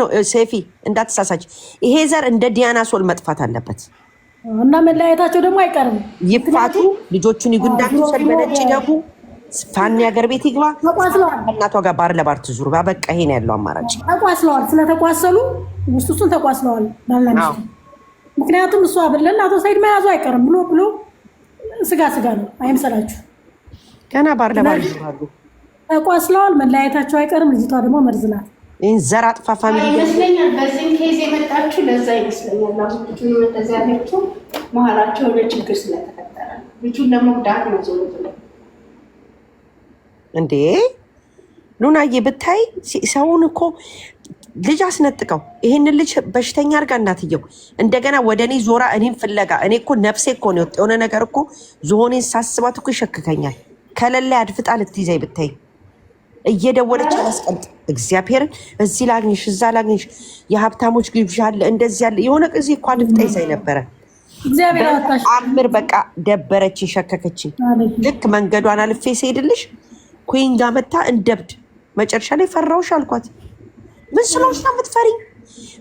ነው ሴፊ እንዳትሳሳች። ይሄ ዘር እንደ ዲያና ሶል መጥፋት አለበት እና መለያየታቸው ደግሞ አይቀርም። ይፋቱ፣ ልጆቹን ይጉንዳቸውን፣ በነጭ ደጉ ፋኒ ሀገር ቤት ይግባ። እናቷ ጋር ባር ለባር ትዙር። በቃ ይሄን ያለው አማራጭ ተቋስለዋል። ስለተቋሰሉ ውስጥ ውስጡን ተቋስለዋል። ምክንያቱም እሱ አብለን አቶ ሳይድ መያዙ አይቀርም ብሎ ብሎ ስጋ ስጋ ነው አይምሰላችሁ። ገና ባር ለባር ይዙራሉ። ተቋስለዋል። መለያየታቸው አይቀርም። ልጅቷ ደግሞ መርዝ ናት። ይህን ዘር አጥፋ ፋሚሊ ይመስለኛል። በዚህም ኬዝ የመጣችሁ ለዛ ይመስለኛል። አሁን ልጁን እንደዚያ ያለችው መሀላቸው የሆነ ችግር ስለተፈጠረ ልጁን ለመጉዳት ነው። ዞ እንዴ ሉናዬ ብታይ ሰውን እኮ ልጅ አስነጥቀው ይህንን ልጅ በሽተኛ አድርጋ እናትየው እንደገና ወደ እኔ ዞራ እኔም ፍለጋ እኔ እኮ ነፍሴ እኮ ነው የሆነ ነገር እኮ ዝሆኔን ሳስባት እኮ ይሸክከኛል። ከሌለ አድፍጣ ልትይዘኝ ብታይ እየደወለች አላስቀምጥ እግዚአብሔርን እዚህ ላግኝሽ እዛ ላግኝሽ የሀብታሞች ግብዣ አለ እንደዚህ ያለ የሆነ ጊዜ እኳ ልፍጣ ይዛኝ ነበረ። አምር በቃ ደበረችኝ፣ ሸከከችኝ። ልክ መንገዷን አልፌ ሲሄድልሽ ኩን ጋ መታ እንደብድ መጨረሻ ላይ ፈራውሽ አልኳት። ምን ስለሆንሽ ነው የምትፈሪኝ?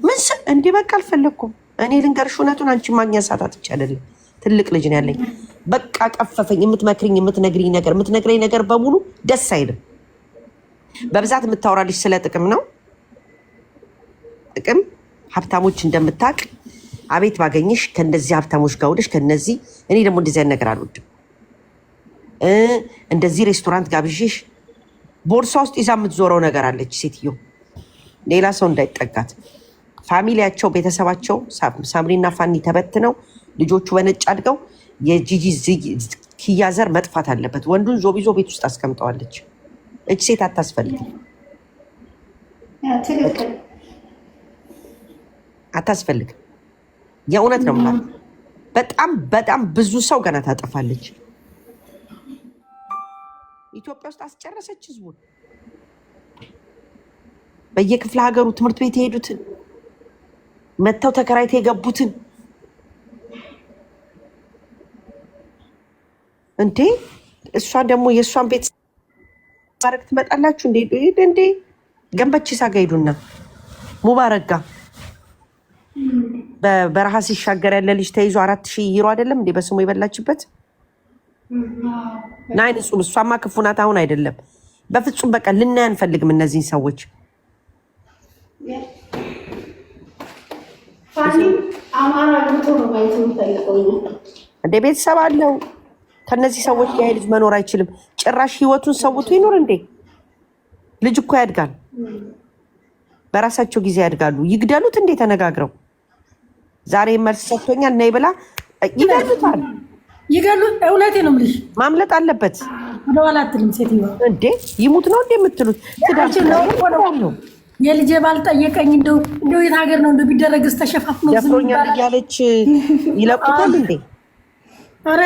ምን ስ እንዲህ በቃ አልፈለግኩም። እኔ ልንገርሽ እውነቱን አንቺ ማግኛ ሳታት ይቻለል ትልቅ ልጅ ነው ያለኝ። በቃ ቀፈፈኝ። የምትመክርኝ የምትነግሪኝ ነገር የምትነግረኝ ነገር በሙሉ ደስ አይልም። በብዛት የምታወራልሽ ስለ ጥቅም ነው። ጥቅም ሀብታሞች እንደምታውቅ አቤት ባገኘሽ ከእንደዚህ ሀብታሞች ጋር ውለሽ ከነዚህ እኔ ደግሞ እንደዚህ ነገር አልወድም። እንደዚህ ሬስቶራንት ጋብዥሽ ቦርሳ ውስጥ ይዛ የምትዞረው ነገር አለች ሴትዮ፣ ሌላ ሰው እንዳይጠጋት። ፋሚሊያቸው ቤተሰባቸው ሳምሪና ፋኒ ተበትነው ልጆቹ በነጭ አድገው የጂጂ ኪያዘር መጥፋት አለበት። ወንዱን ዞቢዞ ቤት ውስጥ አስቀምጠዋለች። እች ሴት አታስፈልግም፣ አታስፈልግም። የእውነት ነው ማለት በጣም በጣም ብዙ ሰው ገና ታጠፋለች። ኢትዮጵያ ውስጥ አስጨረሰች ህዝቡን፣ በየክፍለ ሀገሩ ትምህርት ቤት የሄዱትን መጥተው ተከራይተው የገቡትን እንዴ እሷን ደግሞ የእሷን ቤት ሙባረክ ትመጣላችሁ እንዴ? ሄደ እንዴ? ገንበችሳ ጋ ሄዱና ሙባረክ ጋ በበረሃ ሲሻገር ያለ ልጅ ተይዞ አራት ሺህ ይሮ አይደለም እንዴ በስሙ የበላችበት ናይ ንጹም እሷማ ክፉ ናት። አሁን አይደለም በፍጹም በቃ ልናይ አንፈልግም እነዚህን ሰዎች። እንደ ቤተሰብ አለው ከነዚህ ሰዎች ጋር ልጅ መኖር አይችልም። ጭራሽ ህይወቱን ሰውቶ ይኖር እንዴ? ልጅ እኮ ያድጋል፣ በራሳቸው ጊዜ ያድጋሉ። ይግደሉት እንዴ? ተነጋግረው ዛሬ መልስ ሰጥቶኛል ነይ ብላ ይገሉታል። ይገሉ እውነቴ ነው የምልሽ፣ ማምለጥ አለበት ወደኋላ አትልም ሴትዮዋ። እንዴ ይሙት ነው እንዴ የምትሉት? ትዳችነው የልጄ ባል ጠየቀኝ፣ እንደው እንደው የት ሀገር ነው እንደው ቢደረግስ ተሸፋፍኖ ደፍሮኛል እያለች ይለቁታል እንዴ? ኧረ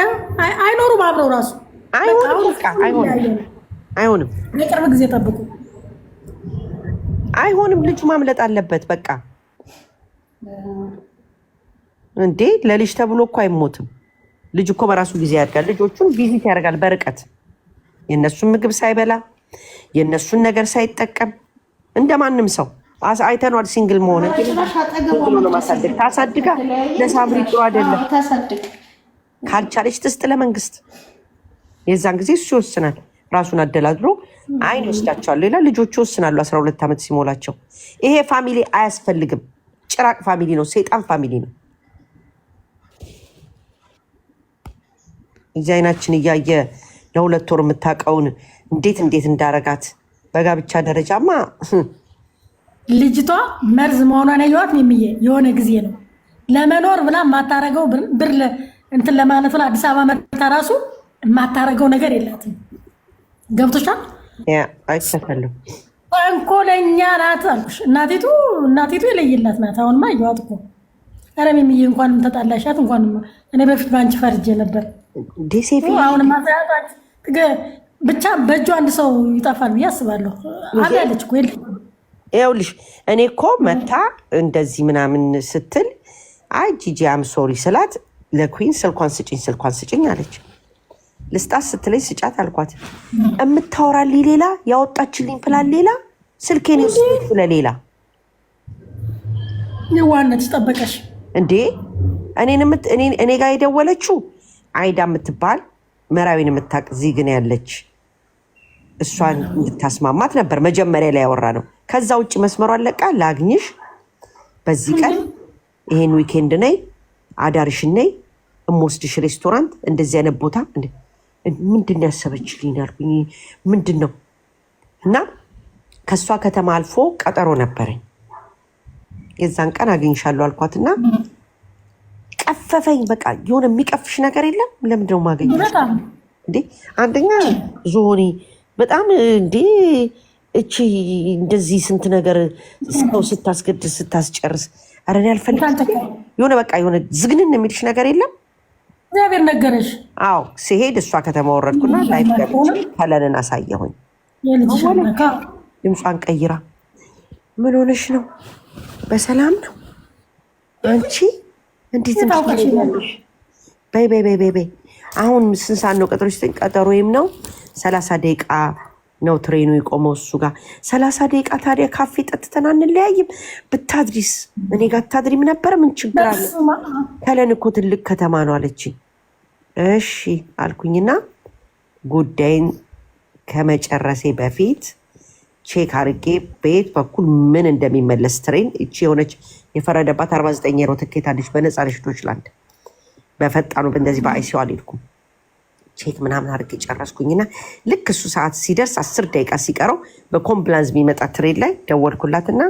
አይኖሩም አብረው ራሱ አይሆንም። የቅርብ ጊዜ ጠብቁ። አይሆንም። ልጁ ማምለጥ አለበት። በቃ እንዴ ለልጅ ተብሎ እኮ አይሞትም። ልጅ እኮ በራሱ ጊዜ ያድጋል። ልጆቹን ቪዚት ያደርጋል በርቀት የእነሱን ምግብ ሳይበላ የእነሱን ነገር ሳይጠቀም እንደ ማንም ሰው አይተኗል። ሲንግል መሆነ ታሳድጋ ለሳምሪ ጥሩ አይደለም። ካልቻለች ትስጥ ለመንግስት የዛን ጊዜ እሱ ይወስናል። ራሱን አደላድሎ አይን ይወስዳቸዋል። ሌላ ልጆቹ ይወስናሉ። አስራ ሁለት ዓመት ሲሞላቸው ይሄ ፋሚሊ አያስፈልግም። ጭራቅ ፋሚሊ ነው፣ ሰይጣን ፋሚሊ ነው። እዚህ አይናችን እያየ ለሁለት ወር የምታውቀውን እንዴት እንዴት እንዳረጋት በጋብቻ ደረጃማ ልጅቷ መርዝ መሆኗን ያየኋት ሚሚዬ የሆነ ጊዜ ነው። ለመኖር ብላ የማታረገው ብር እንትን ለማለት ብላ አዲስ አበባ መታ ራሱ የማታረገው ነገር የላትም። ገብቶሻል? አይሰፈልም። ተንኮለኛ ናት አልኩሽ። እናቴቱ እናቴቱ የለየላት ናት። አሁንማ እየዋት እኮ ኧረ ሚሚዬ እንኳንም ተጣላሻት። እንኳንም እኔ በፊት በአንቺ ፈርጄ ነበር። አሁንማ ብቻ በእጁ አንድ ሰው ይጠፋል ብዬ አስባለሁ። አለች እኮ ይኸውልሽ፣ እኔ እኮ መታ እንደዚህ ምናምን ስትል አይ ጂጂ አምሶሪ ስላት ለኩን ስልኳን ስጭኝ ስልኳን ስጭኝ አለች። ልስጣት ስትለኝ ስጫት አልኳት። የምታወራልኝ ሌላ፣ ያወጣችልኝ ፕላን ሌላ፣ ስልኬን ውስጥ ለሌላ የዋነት ጠበቀሽ እንዴ? እኔ ጋር የደወለችው አይዳ የምትባል መራዊን የምታቅ እዚህ ግን ያለች እሷን እንድታስማማት ነበር መጀመሪያ ላይ ያወራ ነው። ከዛ ውጭ መስመሯ አለቃ ላግኝሽ፣ በዚህ ቀን ይሄን ዊኬንድ ነይ፣ አዳርሽ ነይ፣ እምወስድሽ ሬስቶራንት እንደዚህ አይነት ቦታ ምንድን ያሰበችልኝ አልኩኝ። ምንድን ነው እና ከእሷ ከተማ አልፎ ቀጠሮ ነበረኝ። የዛን ቀን አገኝሻለሁ አልኳትና ቀፈፈኝ። በቃ የሆነ የሚቀፍሽ ነገር የለም። ለምንድነው ማገኝ እንዴ? አንደኛ ዞኔ በጣም እንዴ እቺ እንደዚህ ስንት ነገር ሰው ስታስገድስ ስታስጨርስ፣ ኧረ እኔ አልፈልግም። የሆነ በቃ የሆነ ዝግንን የሚልሽ ነገር የለም። እግዚአብሔር ነገረሽ። አዎ ሲሄድ እሷ ከተማ ወረድኩና ላይፍ ገብቼ ከለንን አሳየሁኝ። ድምጿን ቀይራ ምን ሆነሽ ነው? በሰላም ነው አንቺ? እንዴት ታውቂያለሽ? በይ በይ በይ በይ። አሁን ስንት ሰዓት ነው ቀጠሮሽ? ወይም ነው ሰላሳ ደቂቃ ነው ትሬኑ የቆመው እሱ ጋር ሰላሳ ደቂቃ። ታዲያ ካፌ ጠጥተን አንለያይም? ብታድሪስ እኔ ጋር ታድሪም ነበረ። ምን ችግር አለ? ከለን እኮ ትልቅ ከተማ ነው አለችኝ። እሺ አልኩኝና ጉዳይን ከመጨረሴ በፊት ቼክ አርጌ በየት በኩል ምን እንደሚመለስ ትሬን እቺ የሆነች የፈረደባት አርባ ዘጠኝ ሮ ትኬት አለች በነፃ ላንድ በፈጣኑ እንደዚህ በአይሲዋ አልሄድኩም። ቼክ ምናምን አድርጌ ጨረስኩኝና ልክ እሱ ሰዓት ሲደርስ አስር ደቂቃ ሲቀረው በኮምፕላንስ የሚመጣ ትሬድ ላይ ደወልኩላትና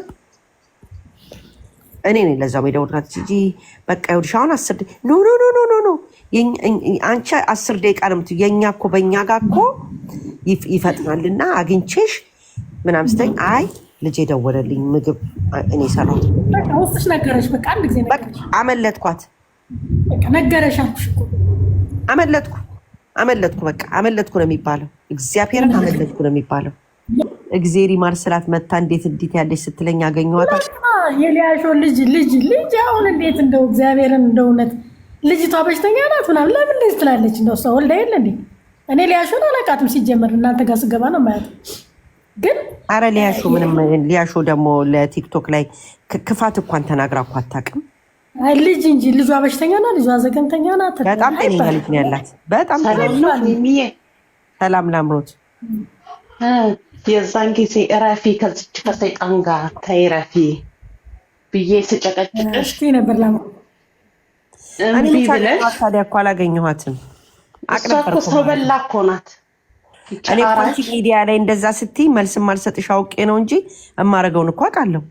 እኔ ነኝ ለዛው የደወልኩላት ጂጂ በቃ ይኸውልሽ አሁን አስር ኖ ኖ ኖ ኖ ኖ አንቺ አስር ደቂቃ ነው የምትይው የእኛ እኮ በእኛ ጋር እኮ ይፈጥናልና አግኝቼሽ ምናምን ስተኝ አይ ልጄ ደወለልኝ ምግብ እኔ ሰራት ነገረሽ በቃ አመለጥኳት ነገረሽ አመለጥኩ አመለጥኩ በቃ አመለጥኩ ነው የሚባለው። እግዚአብሔርን አመለጥኩ ነው የሚባለው። እግዜር ይማር ስላት መታ እንዴት እንዴት ያለች ስትለኝ አገኘኋት። የሊያሾ ልጅ ልጅ ልጅ አሁን እንዴት እንደው እግዚአብሔርን እንደ እውነት ልጅቷ በሽተኛ ናት ምናምን ለምን ልጅ ትላለች? እንደው ሰው ወልዳ የለ እንዴ? እኔ ሊያሾን አላውቃትም ሲጀመር እናንተ ጋር ስገባ ነው ማለት ግን አረ ሊያሾ ምንም ሊያሾ ደግሞ ለቲክቶክ ላይ ክፋት እንኳን ተናግራ እኮ አታውቅም። ልጅ እንጂ ልጇ በሽተኛ ና ልጇ ዘገምተኛ ናት። በጣም ጤነኛ ልጅ ነው ያላት። በጣም ሰላም ላምሮት የዛን ጊዜ እረፊ፣ ከዚች ከሰይጣን ጋር ተይረፊ ብዬ ስጨቀጭቅሽ ነበር። ላ እኮ አላገኘኋትም። እሷ እኮ ሰው በላ እኮ ናት። እኔ እኮ ሚዲያ ላይ እንደዛ ስትይ መልስ አልሰጥሽ አውቄ ነው እንጂ እማረገውን እኮ አውቃለሁ።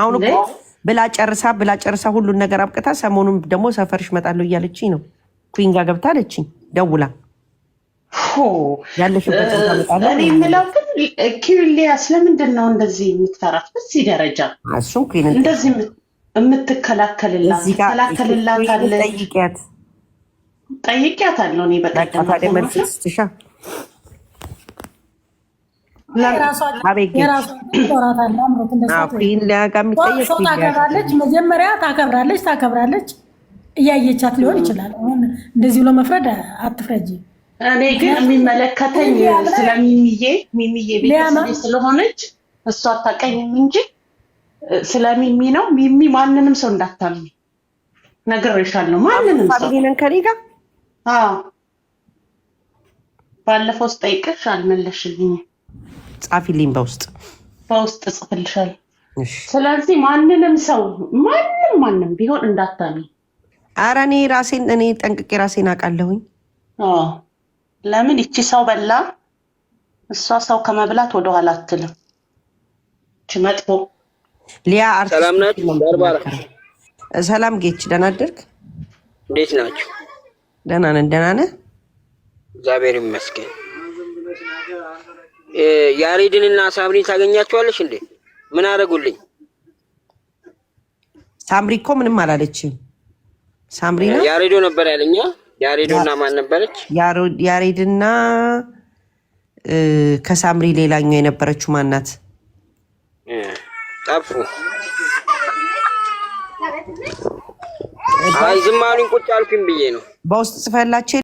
አሁን እኮ ብላ ጨርሳ ብላ ጨርሳ ሁሉን ነገር አብቅታ፣ ሰሞኑን ደግሞ ሰፈርሽ እመጣለሁ እያለችኝ ነው። ኩን ጋ ገብታ አለችኝ ደውላ ያለሽበት እኔ የምለው ግን ኪሪሊያ ስለምንድን ነው እንደዚህ የምትፈራት? በዚህ ደረጃ እሱም ኩን እንደዚህ የምትከላከልላትከላከልላትለጠይቅያት ትከላከልላታለች። አለው እኔ በቀደም ታከብራለች። መጀመሪያ ታከብራለች ታከብራለች። እያየቻት ሊሆን ይችላል። እንደዚህ ብሎ መፍረድ አትፍረጂ። እኔ ግን የሚመለከተኝ ስለ ሚሚዬ ሚሚዬ ቤተሰብ ስለሆነች እሷ አታውቀኝም እንጂ ስለ ሚሚ ነው። ሚሚ ማንንም ሰው እንዳታምኝ ነግሬሻለሁ። ማንንም ሰውነን ከኔ ጋር ባለፈው ስጠይቅሽ አልመለሽልኝም። ጻፊልኝ በውስጥ በውስጥ ጽፍልሻል። ስለዚህ ማንንም ሰው ማንም ማንም ቢሆን እንዳታሚ። አረ እኔ ራሴን እኔ ጠንቅቄ ራሴን አውቃለሁኝ። ለምን ይቺ ሰው በላ እሷ ሰው ከመብላት ወደኋላ አትልም። መጥፎ ሊያ ሰላም ጌች፣ ደህና አደርክ? እንዴት ናችሁ? ደህና ነን። ደህና ነህ? እግዚአብሔር ይመስገን። ያሬድንና ሳምሪን ታገኛቸዋለች እንዴ? ምን አደረጉልኝ? ሳምሪ እኮ ምንም አላለችም። ሳምሪ ነው ያሬዶ ነበር ያለኛ። ያሬዶና ማን ነበረች? ያሬድና ከሳምሪ ሌላኛው የነበረችው ማናት? ጠፉ። አይ ዝም አሉኝ። ቁጭ አልኩኝ ብዬ ነው በውስጥ ጽፈላቸው